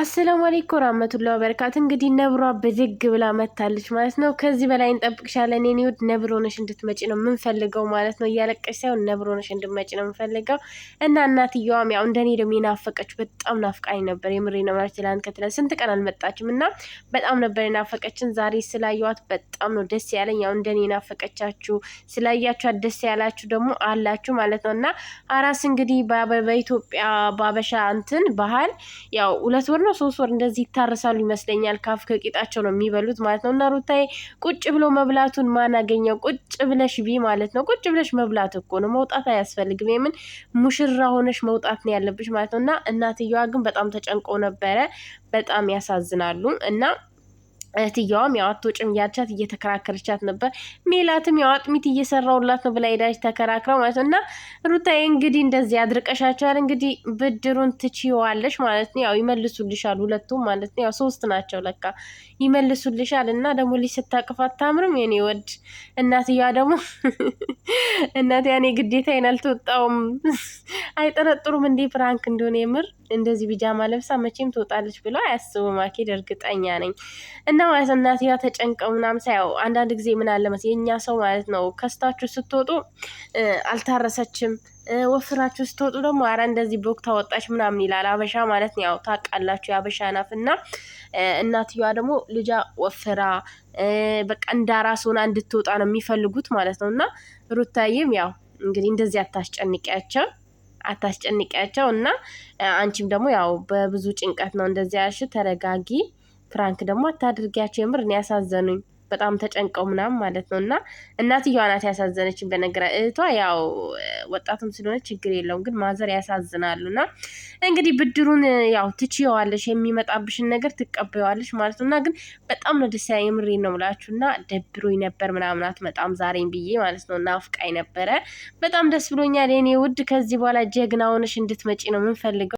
አሰላሙ አለይኩም ወራህመቱላሂ ወበረካቱ። እንግዲህ ነብሯ ብድግ ብላ መታለች ማለት ነው። ከዚህ በላይ እንጠብቅሻለን የኔ ውድ ነብር ሆነሽ እንድትመጪ ነው የምንፈልገው ማለት ነው። እያለቀች ሳይሆን ነብር ሆነሽ እንድትመጪ ነው የምንፈልገው እና እናትየዋም ያው እንደኔ ደግሞ የናፈቀችው በጣም ናፍቃኝ ነበር። የምሬ ነው ማለት ትላንት ከትላንት ስንት ቀን አልመጣችም እና በጣም ነበር የናፈቀችን። ዛሬ ስላየዋት በጣም ነው ደስ ያለኝ። ያው እንደኔ የናፈቀቻችሁ ስላያችኋት ደስ ያላችሁ ደግሞ አላችሁ ማለት ነው እና አራስ እንግዲህ በኢትዮጵያ ባበሻ እንትን ባህል ያው ሁለት ወር ነው ሶስት ወር እንደዚህ ይታረሳሉ ይመስለኛል። ካፍ ከቂጣቸው ነው የሚበሉት ማለት ነው። እና ሩታዬ ቁጭ ብሎ መብላቱን ማን አገኘው? ቁጭ ብለሽ ቢ ማለት ነው። ቁጭ ብለሽ መብላት እኮ ነው፣ መውጣት አያስፈልግም። የምን ሙሽራ ሆነሽ መውጣት ነው ያለብሽ ማለት ነው። እና እናትየዋ ግን በጣም ተጨንቀው ነበረ። በጣም ያሳዝናሉ እና እህትየዋም ያው አትወጭም እያልቻት እየተከራከረቻት ነበር። ሜላትም ያው አጥሚት እየሰራውላት ነው ብላ ሄዳች ተከራክረው ማለት ነው። እና ሩታዬ እንግዲህ እንደዚህ አድርቀሻቸዋል፣ እንግዲህ ብድሩን ትችዋለሽ ማለት ነው። ያው ይመልሱልሻል፣ ሁለቱም ማለት ነው። ያው ሶስት ናቸው ለካ ይመልሱልሻል። እና ደግሞ ልጅ ስታቅፍ አታምርም የኔ ወድ። እናትየዋ ደግሞ እናት ያኔ ግዴታዬን አልተወጣውም አይጠረጥሩም እንዴ ፕራንክ እንደሆነ የምር እንደዚህ ቢጃማ ለብሳ መቼም ትወጣለች ብለው አያስቡም። አኬድ እርግጠኛ ነኝ እና ማለት እናትየዋ ተጨንቀው ምናምን ሳያው አንዳንድ ጊዜ ምን አለ መሰለኝ የእኛ ሰው ማለት ነው ከስታችሁ ስትወጡ አልታረሰችም፣ ወፍራችሁ ስትወጡ ደግሞ አረ እንደዚህ ቦክታ ወጣች ምናምን ይላል አበሻ ማለት ነው። ያው ታውቃላችሁ የአበሻ ናፍ እና እናትየዋ ደግሞ ልጃ ወፍራ በቃ እንዳራስ ሆና እንድትወጣ ነው የሚፈልጉት ማለት ነው። እና ሩታይም ያው እንግዲህ እንደዚህ አታስጨንቂያቸው አታስጨንቂያቸው እና አንቺም ደግሞ ያው በብዙ ጭንቀት ነው እንደዚያ ያልሽ፣ ተረጋጊ። ፕራንክ ደግሞ አታድርጊያቸው። የምር እኔ ያሳዘኑኝ በጣም ተጨንቀው ምናምን ማለት ነው። እና እናትየዋ ናት ያሳዘነችን። በነገራ እህቷ ያው ወጣቱም ስለሆነ ችግር የለውም ግን ማዘር ያሳዝናሉ። እና እንግዲህ ብድሩን ያው ትችየዋለሽ፣ የሚመጣብሽን ነገር ትቀበየዋለሽ ማለት ነው። እና ግን በጣም ነው ደስ ያለኝ ነው ብላችሁ እና ደብሮኝ ነበር ምናምን አትመጣም ዛሬን ብዬ ማለት ነው። ናፍቃኝ ነበረ። በጣም ደስ ብሎኛል የኔ ውድ። ከዚህ በኋላ ጀግና ሆነሽ እንድትመጪ ነው የምንፈልገው።